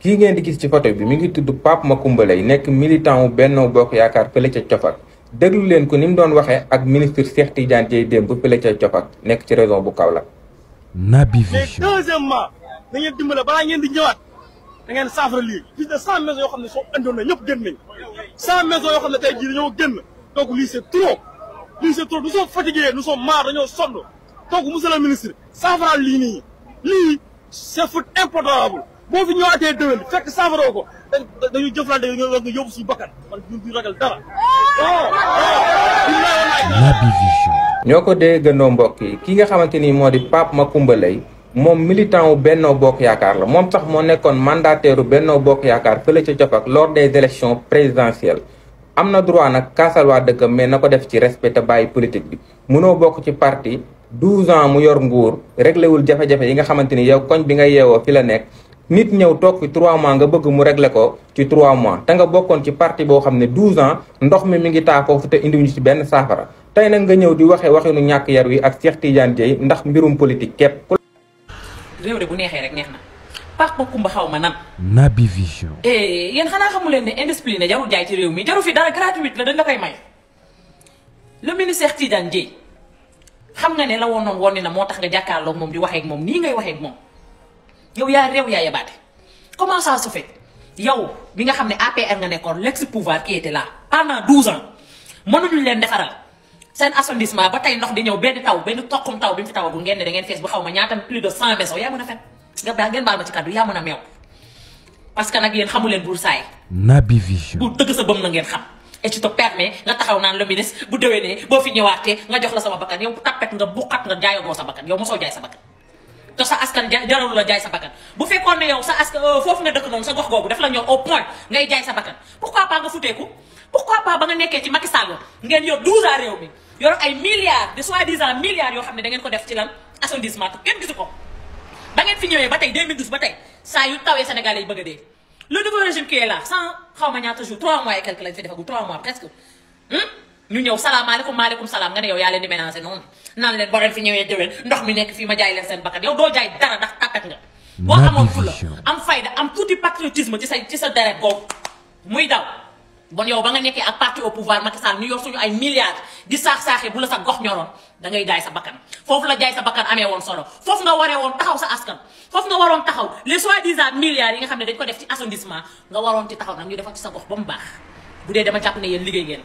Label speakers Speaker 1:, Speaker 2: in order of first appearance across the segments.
Speaker 1: kii ngeen di gis ci photo bi mi ngi tudd Pape Macoumba Leye nekk militant wu Bokk Yaakaar fële ca Cofak leen ko ni mu doon waxee ak ministre Cheikh Tidiane Dièye démb fële ca Cofak nekk ci région bu kaw la
Speaker 2: Vision mais deuxièmement da ngeen dimbale balaa ngeen di ñëwaat da ngeen saafara lii plus cent maisons yoo xam ne soo andoon na ñëpp génn nañ cent maisons yoo xam ne tey jii dañoo génn donc lii c'est trop lii c'est trop nous sommes fatigués nous sommes marre dañoo sonn boo fi ñëwaatee déwén fekk saafaroo ko dañuy jëflante nga yóbbu suñu bakkan man ñun duñu oh,
Speaker 3: oh.
Speaker 1: ñoo ko déggandoo mbokk yi ki nga xamante ni moo di Pape Macoumba Leye moom militant wu Benno Bokk Yaakaar la moom sax moo nekkoon mandataire u Benno Bokk Yaakaar fële ca Jopak lors des élections présidentielles am na droit nag kaasal waa dëkkam mais na ko def ci respect te bàyyi politique bi mënoo bokk ci parti 12 ans mu yor nguur réglé wul jafe-jafe yi nga xamante ni yow koñ bi nga yeewoo fi la nekk. nit ñëw toog fi 3 mois nga bëgg mu régler ko ci 3 mois te nga bokkoon ci parti boo xam ne 12 ans ndox mi mi ngi taa foofu te indiwuñu ci benn saafara tey nag nga ñëw di waxee waxinu ñàkk yar wi ak Cheikh Tidiane Dieye ndax mbirum politique képp.
Speaker 4: réew de bu neexee rek neex na paax ba kumba xaw ma nan.
Speaker 3: Naby Vision.
Speaker 4: Eh, yéen xanaa xamu leen ne indiscipliné jarul jaay ci réew mi jarul fi dara gratuite la dañ la koy may le ministre Cheikh Tidiane Dieye xam nga ne la woon noonu moo tax nga jàkkaarloog moom di waxee ak moom nii ngay waxee moom. yow ya rew ya yabaate comment ça se fait yow bi nga xamné APR nga nekkoon l'ex pouvoir qui était là pendant 12 ans mënuñu leen defaral sen assainissement ba tay ndox di ñew benn taw benn toqum taw bi fi taw bu ne da ngeen fess bu xawma ñaatam plus de 100 maisons ya mëna a nga ba ngeen baama ci kàddu ya mëna mew parce que nak yeen xamu leen bur saay
Speaker 3: Naby Vision
Speaker 4: bu dëgg sa bëm na ngeen xam et ci to permet nga taxaw naan le ministre bu déwénee bo fi ñëwaatee nga jox la sama bakkan yow tapet nga bu xat nga go sa bakkan yow mëso jaay sa bakkan te sa askan jarul la jaay sa bakkan bu fekkoon ne yow sa askan euh, foofu nga dëkk noonu sa gox googu daf la ñor au ngay jaay sa bakkan pourquoi pas nga futeeku pourquoi pas ba nga nekkee ci Macky Sall ngeen yor 12 ans réew mi yor ay milliards de soi-disant milliards yoo xam ne da ngeen ko def ci lan assainissement te kenn gisu ko ba ngeen fi ñëwee ba tey 2012 ba tey saa yu tawee Sénégalais yi bëgg a dee le nouveau régime qui est là sans xaw ma ñaata jours 3 mois ñu ñëw salaamaaleykum salaam nga ne yow yaa leen di ménager noonu naan leen boo leen fi ñëwee ndox mi nekk fii ma jaay leen seen bakkan yow doo jaay dara ndax tàkkat nga. boo amoon fu la am fayda am tuuti patriotisme ci sa ci sa muy daw. bon yow ba nga nekkee ak parti au pouvoir Macky Sall ñu yor suñu ay milliards di saax saaxee bu la sa gox ñoroon da ngay jaay sa bakkan foofu la jaay sa bakkan amee woon solo foofu nga waree woon taxaw sa askan foofu nga waroon taxaw les soi-disant milliards xam ne dañ ko def ci arrondissement nga waroon ci taxaw nag ñu sa gox ba mu baax bu dee dama jàpp yéen liggéey ngeen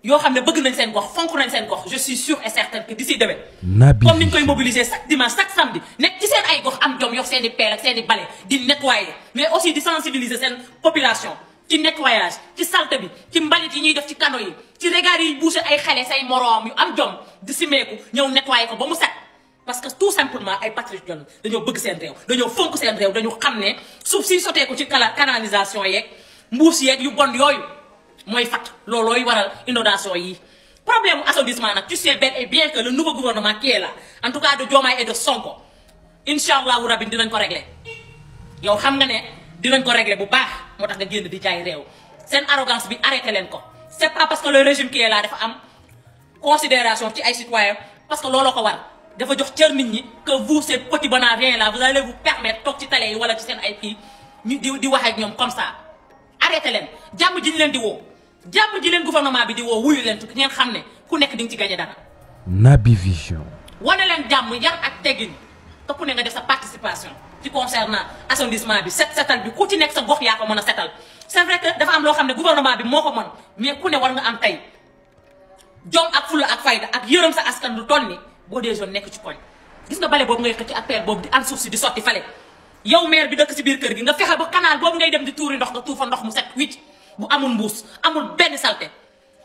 Speaker 4: Yo bëgg nañ je suis sûr et certain que d'ici demain. comme ni koy chaque dimanche chaque samedi ci seen ay gox am jom yox seen i ak seen i nettoyer mais aussi di sensibiliser seen population ci nettoyage ci saleté bi ci mbalit yi ñuy def ci qui yi ci regard yi bouché ay xale say yu am jom nettoyer ko ba mu parce que tout simplement ay patriotes bëgg seen réew seen réew dañu ko canalisation yeeg mbuus mooy fatt loloy waral inondation yi problème assainissement là tu sais bien et bien que le nouveau gouvernement qui est là en tout cas de Diomaye et de Sonko inshallah allahu rabbi dinañ ko régler yow xam nga né dinañ ko régler bu baax motax nga genn di jay rew sen arrogance bi arrêtez len ko c'est pas parce que le régime qui est là dafa am considération ci ay citoyens parce que lolo ko war dafa jox cër nit ñi que vous ces petits bana rien là vous allez vous permettre tok ci télé wala ci sen ay fi ñu di di wax ak ñom comme ça arrêtez len jamm ji len le di wo jamm ji len gouvernement bi di wo wuyu len ñen xamne ku nek ngi ci gagner dara
Speaker 3: nabi vision
Speaker 4: wone len jamm yar ak teggine te ku ne nga def sa participation ci concernant assainissement bi set setal bi ku ci nek sa gox ya ko meuna setal c'est vrai que dafa am lo xamne gouvernement bi moko meun mais ku ne war nga am tay jom ak fulu ak fayda ak yeureum sa askan du tonni bo des jeunes nek ci koñ gis nga balé bobu ngay xëc ak père bobu di am suuf si di soti falé yow maire bi dëkk ci biir kër gi nga fexé ba canal bobu ngay dem di touri ndox nga tuufa ndox mu set wicc bu amul mbuus amul benn salté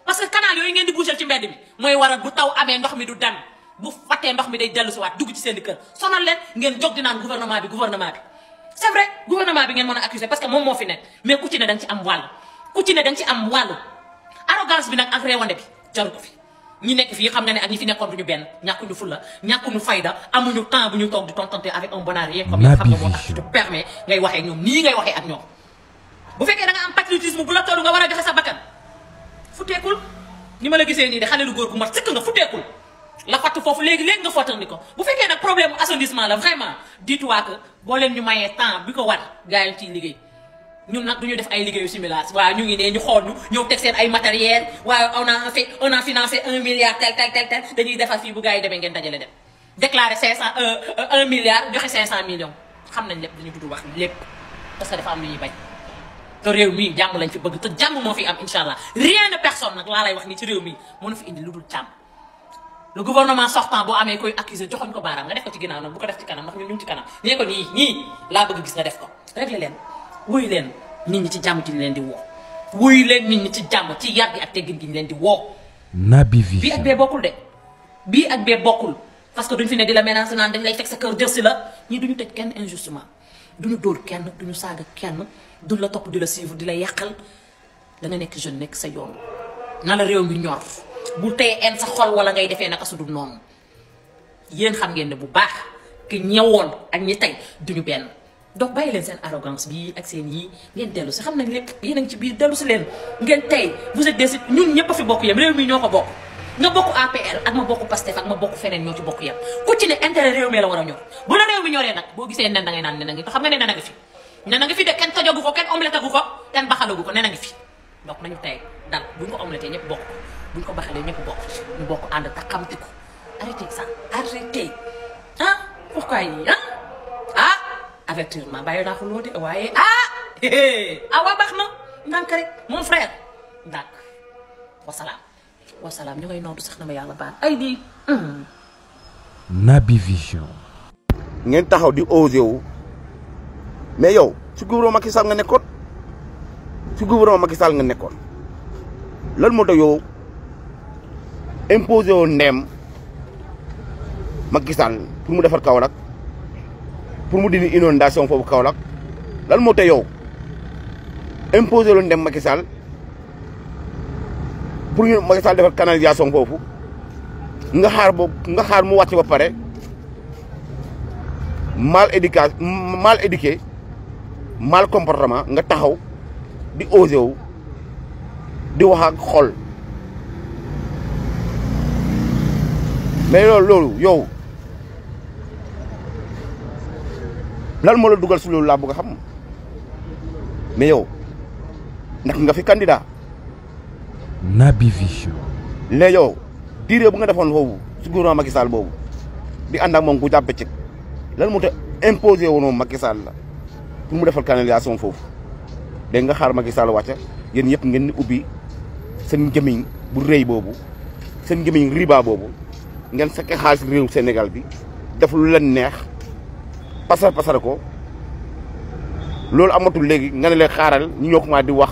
Speaker 4: parce que canal yooyu ngeen di boucher ci mbedd mi mooy waral bu taw amee ndox mi du dem bu fattee ndox mi day dellu si waat dugg ci seen kër sonal leen ngeen jóg di naan gouvernement bi gouvernement bi. c'est vrai gouvernement bi ngeen mën a accuser parce que ne da nga ci am wàll bi ak fi. ñi ne ak ñi fi nekkoon ñu benn ñàkkuñu fulla ñàkkuñu fayda amuñu temps bu ñu toog di tontante avec un bon arrière comme nga moo tax ak ñoom nii ngay waxee ak ñoom. bu fekke da nga am patriotisme bu la tolu nga wara joxe sa bakkan futekul ni ma la gisee ni de xale lu góor ku mat sekk nga futekul la fatt fofu legui legui nga fottandi ko bu fekke nak problème assainissement la vraiment dis-toi que bo len ñu mayé temps bi ko wat gaay ci ciy ñun nak duñu def ay liggéeyu similaire wa ñu ngi ne ñu xol ñu ñew tek seen ay matériel wa on a fait on a financé un milliard tel tel tel tel dañuy defar fii bu gaay yi ngeen dajale dem déclarer 500 1 euh, euh, milliard joxe 500 millions xam nañ lépp dañu wax lepp parce que dafa am ñuy bañ te réew mii jàmm lañ fi bëgg te jàmm moo fi am incha allah rien de personne nag laa lay wax ni ci réew mii moo na fi indi lu dul jàmm le gouvernement sortant boo amee koy accuser joxoñ ko baaraam nga def ko ci ginnaaw nag bu ko def ci kanam ndax ñun ñu ngi ci kanam nee ko nii ñii laa bëgg gis nga def ko réglé leen wuyu leen nit ñi ci jàmm ji leen di woo wuyu leen nit ñi ci jàmm ci yar gi ak teggin gi ñu leen di woo
Speaker 3: Naby Vision bii
Speaker 4: ak bee bokkul de bii ak bee bokkul parce que duñ fi ne di la menacer dañ lay teg sa kër jël si kenn injustement du ñu dóor kenn du ñu saaga kenn du la topp di la suivre di la yàqal da nga nekk jeune nekk sa yoon na la réew mi ñor bu tey en sa xol wala ngay defee naka su dul noonu yéen xam ngeen ne bu baax ki ñëwoon ak ñi tey du ñu benn donc bàyyi leen seen arrogance bii ak seen yii ngeen dellu si xam nañ lépp yéen a ngi ci biir dellu si leen ngeen tey vous êtes des ñun ñëpp a fi bokk yam réew mi ñoo ko bokk. nga bokku APL ak ma bokku Pastef ak ma bokku fenen ñoo ci bokku yam ku ci ne intérêt réew mi la wara a ñor bu la réew mi ñoree nak bo gisee nen da ngay nan nen nga xam nga ne nen nga fi nen nga fi de kenn tojogu ko ken omelette gu ko baxalu gu ko nen a fi donc nañu tay dal buñ ko omelette ñepp bokku buñ ko baxalee ñepp bokku ñu bokku and ta xamti ko arrêtez ça arrêté hein ah, pourquoi yi hein ah, ah avec bàyyi ma ko loo de waaye ah
Speaker 3: ah
Speaker 4: waa awa baxna ndank rek mon frère ndànk wasalaam wasalaam ñu ngay nootu sax na ma yàlla baal ay di
Speaker 2: Naby Vision. ngeen taxaw di osé wu mais yow ci gouvernement Macky Sall nga nekkoot ci gouvernement Macky Sall nga nekkoon lan moo tax yow imposé woon ndeem Macky Sall pour mu defar Kaolack pour mu dindi inondation foofu Kaolack lan moo tax yow imposé woon ndeem Macky Sall pour ñu Macky Sall defar canalisation foofu nga xaar boo nga xaar mu wàcc ba pare mal éduca mal éduqué mal comportement nga taxaw di osé wu di wax ak xol mais loolu loolu yow lan moo la dugal si loolu laa bëgg a xam mais yow ndax nga fi candidat
Speaker 3: naa Vision.
Speaker 2: léegi yow bu nga defoon foofu si gouvernement Macky Sall boobu di ànd ak moom ku jàpp ci lan moo tax imposé woon moom Macky la pour mu defal canalisation foofu dégg nga xaar Macky Sall wàcce yéen yëpp ngeen ni ubbi seen gémmiñ bu boobu seen gémmiñ riba boobu ngeen fekke xaalis réew Sénégal bi def lu leen neex pasar pasar ko loolu amatul léegi nga ne leen xaaral ñu ñoo di wax.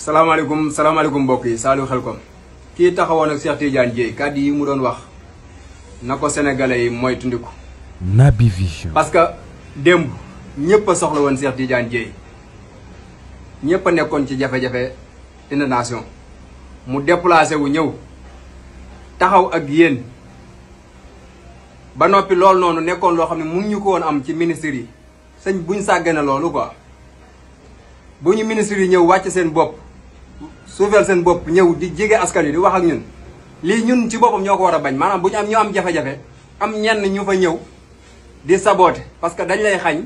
Speaker 1: salaamaaleykum salaamaaleykum mbokk yi Saliou Khelcom kii taxawoon ak Cheikh Tidiane Dièye kàddu yi mu doon wax na ko sénégalais yi mooy tundiku.
Speaker 3: Naby Vision.
Speaker 1: parce que démb ñëpp soxla woon Cheikh Tidiane Dièye ñëpp a nekkoon ci jafe-jafe inondation mu déplacé wu ñëw taxaw ak yéen ba noppi loolu noonu nekkoon loo xam ne mun ñu ko woon am ci ministre yi sëñ buñ sàggane loolu quoi bu ñu ministres yi ñëw wàcc seen bopp. suufeel seen bopp ñëw di jege askan wi di wax ak ñun lii ñun ci boppam ñoo ko war a bañ maanaam bu ñu am ñu am jafe-jafe am ñenn ñu fa ñëw di saboote parce que dañ lay xañ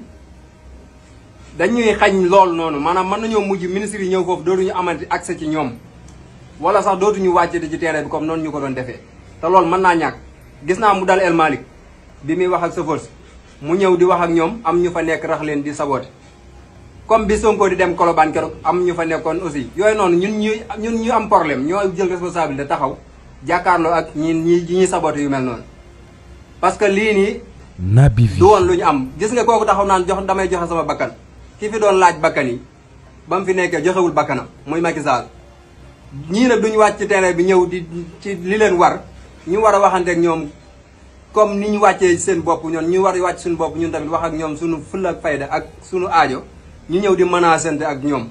Speaker 1: dañuy xañ lool noonu maanaam mën nañoo mujj ministre yi ñëw foofu dootuñu amati accès ci ñoom wala sax dootuñu wàcce di ci terrain bi comme noonu ñu ko doon defee te loolu mën naa ñaak gis naa mu dal El bi muy wax ak sa mu ñëw di wax ak ñoom am ñu fa nekk rax leen di saboote comme bi Sonko di dem Colobane keroog am ñu fa nekkoon aussi yooyu noonu ñun ñu ñun ñu am problème ñoo jël responsabilité taxaw jàkkaarloo ak ñii ñi ñi saboté yu mel noonu parce que lii nii nabi du woon lu ñu am gis nga kooku taxaw naan jox damay joxe sama bakkan ki fi doon laaj bakkan yi ba mu fi nekkee joxewul bakkanam muy Macky Sall ñii nag duñu wàcc ci terrain bi ñëw di ci li leen war ñu war a waxante ak ñoom comme ni ñu wàccee seen bopp ñoon ñu war a wàcc suñu bopp ñun tamit wax ak ñoom suñu fulla ak ak suñu aajo ñu ñëw di menacente ak ñoom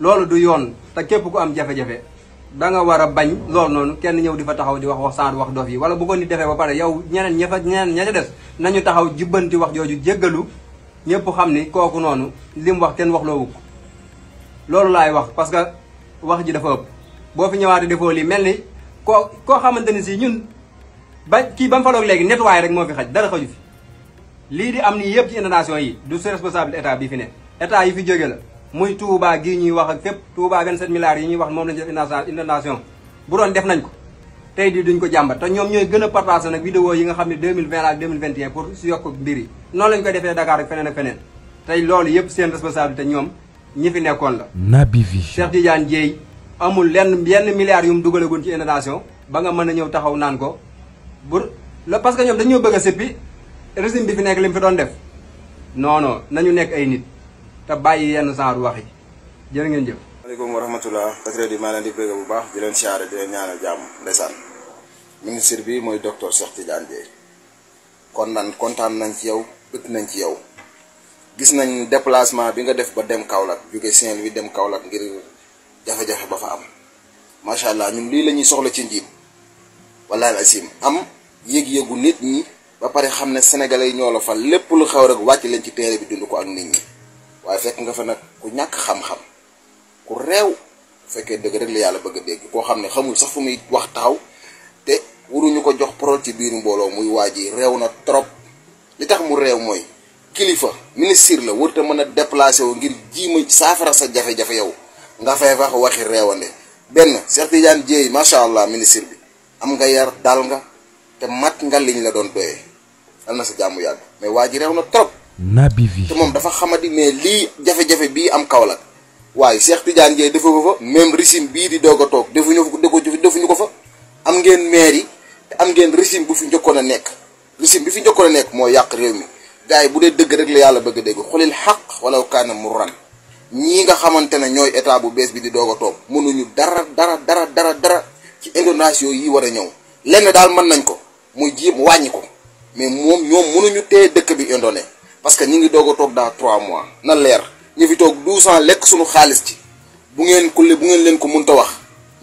Speaker 1: loolu du yoon te képp ku am jafe-jafe da nga war a bañ loolu noonu kenn ñëw di fa taxaw di wax wax sant wax dof yi wala bu ko nit defee ba pare yow ñeneen ña fa ñeneen ña ca des nañu taxaw jubbanti wax jooju jéggalu ñëpp xam ni kooku noonu li mu wax kenn wax loo wukk loolu laay wax parce que wax ji dafa ëpp boo fi ñëwaatee defoo lii mel ni ko koo xamante ni si ñun ba kii ba mu faloog léegi nettoyé rek moo fi xaj dara xaju fi lii di am nii yëpp ci inondation yi du si responsable état bi fi ne état yi fi jóge la muy Touba gii ñuy wax ak fépp Touba 27 milliards yi ñuy wax moom lañ def inondation bu doon def nañ ko tey di duñ ko jàmbat te ñoom ñooy gën a partagé nag vidéo yi nga xam ne 2020 la ak 2021 pour si defee Dakar ak feneen ak loolu yëpp seen responsabilité ñoom ñi fi nekkoon la
Speaker 3: Naby Vision
Speaker 1: Cheikh Tidiane Dieye amul lenn yenn milliards yu mu dugalagoon ci inondation ba nga mën a ñëw taxaw naan ko pour parce que ñoom dañoo bëgg a régime bi fi nekk li mu fi doon def non nañu nekk ay nit te bàyyi yenn genre wax yi ngeen jëf.
Speaker 5: maaleykum wa rahmatulah patriote yi maa leen di bëgg bu baax di leen siyaare di leen ñaanal jàmm ndeysaan ministre bi mooy docteur Cheikh Tidiane Dièye kon nan kontaan nañ ci yow bët nañ ci yow gis nañ déplacement bi nga def ba dem Kaolack jóge Saint-Louis dem Kaolack ngir jafe-jafe ba fa am macha allah ñun lii lañuy soxla ci njiit walaay la sim am yëg-yëgu nit ñi. ba pare xamne sénégalais ñolo fa lepp lu xew rek wacc leen ci téré bi dund ko ak nit ñi waye fekk nga fa nak ku ñak xam-xam ku rew fekkee deug rek la yalla bëgg dégg ko xamne xamul sax fu muy wax taw té wuru ko jox parole ci biir mbolo muy waji rew na trop li tax mu rew moy kilifa ministre la wërta mëna déplacer wu ngir jiima safara sa jafe-jafe yow nga fay wax waxi réewande benn Cheikh Tidiane ma sha allah ministre bi am nga yar dal nga te mat nga liñ la doon doyee am na sa jàmm yàgg mais waa ji reew na trop.
Speaker 3: Naby Vision
Speaker 5: te moom dafa xamadi mais lii jafe-jafe bii am Kaolack waaye Cheikh Tidiane Dieye defu ko fa. même régime bii di doog a toog defuñu ko defuñu ko fa am ngeen maire yi te am ngeen régime bu fi njëkkoon a nekk régime bi fi njëkkoon a nekk moo yàq réew mi gars yi bu dee dëgg rek la yàlla bëgg a dégg xulil ko wala kaana murran ñii nga xamante ne ñooy état bu bees bi di doog a toog mënuñu dara dara dara dara dara ci inondation yi war a ñëw lenn daal mën nañ ko muy jéem wàññi ko. mais moom ñoom mënuñu téye dëkk bi indone parce que ñi ngi doog a toog daa trois mois na leer ñu fi toog douze ans lekk suñu xaalis ci bu ngeen ko bu ngeen leen ko mënta wax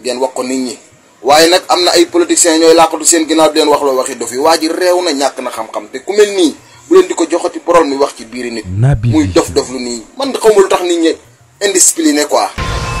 Speaker 5: ngeen wax ko nit ñi waaye nag am na ay politiciens ñooy làqatu seen ginnaaw di leen wax loo waxi dof yi waa ji réew na ñàkk na xam-xam te ku mel nii bu leen di ko joxati parole mi wax ci biiri nit muy dof dof lu nii man xawma lu tax nit ñi
Speaker 3: indiscipliné quoi